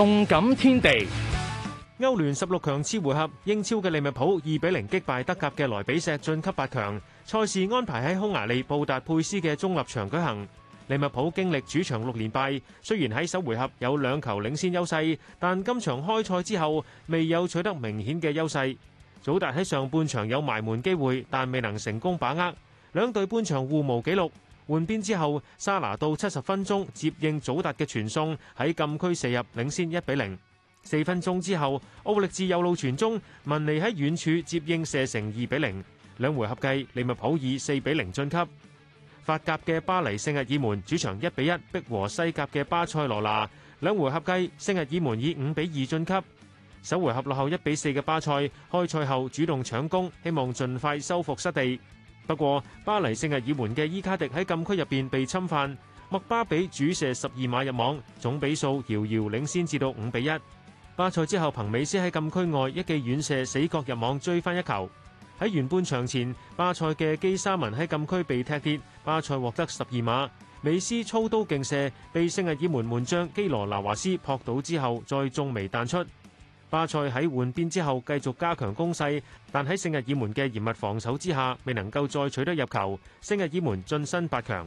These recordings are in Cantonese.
動感天地，歐聯十六強次回合，英超嘅利物浦二比零擊敗德甲嘅萊比錫，晉級八強。賽事安排喺匈牙利布達佩斯嘅中立場舉行。利物浦經歷主場六連敗，雖然喺首回合有兩球領先優勢，但今場開賽之後未有取得明顯嘅優勢。祖達喺上半場有埋門機會，但未能成功把握。兩隊半場互無紀錄。換邊之後，沙拿到七十分鐘接應祖達嘅傳送，喺禁區射入，領先一比零。四分鐘之後，奧力治右路傳中，文尼喺遠處接應射成二比零。兩回合計，利物浦以四比零晉級。法甲嘅巴黎聖日耳門主場一比一逼和西甲嘅巴塞羅那，兩回合計，聖日耳門以五比二晉級。首回合落後一比四嘅巴塞，開賽後主動搶攻，希望盡快收復失地。不過，巴黎聖日耳門嘅伊卡迪喺禁區入邊被侵犯，麥巴比主射十二碼入網，總比數遙遙領先至到五比一。巴塞之後，憑美斯喺禁區外一記遠射死角入網追翻一球。喺完半場前，巴塞嘅基沙文喺禁區被踢跌，巴塞獲得十二碼，美斯操刀勁射，被聖日耳門門將基羅拿華斯撲倒之後再中眉彈出。巴塞喺換邊之後繼續加強攻勢，但喺聖日耳門嘅嚴密防守之下，未能夠再取得入球。聖日耳門晉身八強。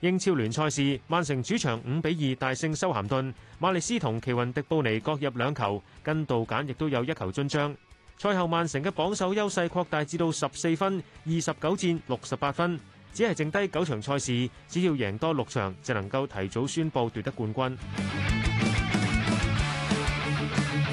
英超聯賽事，曼城主場五比二大勝修咸頓，馬利斯同奇雲迪布尼各入兩球，根道簡亦都有一球進帳。賽後曼城嘅榜首優勢擴大至到十四分，二十九戰六十八分，只係剩低九場賽事，只要贏多六場，就能夠提早宣佈奪得冠軍。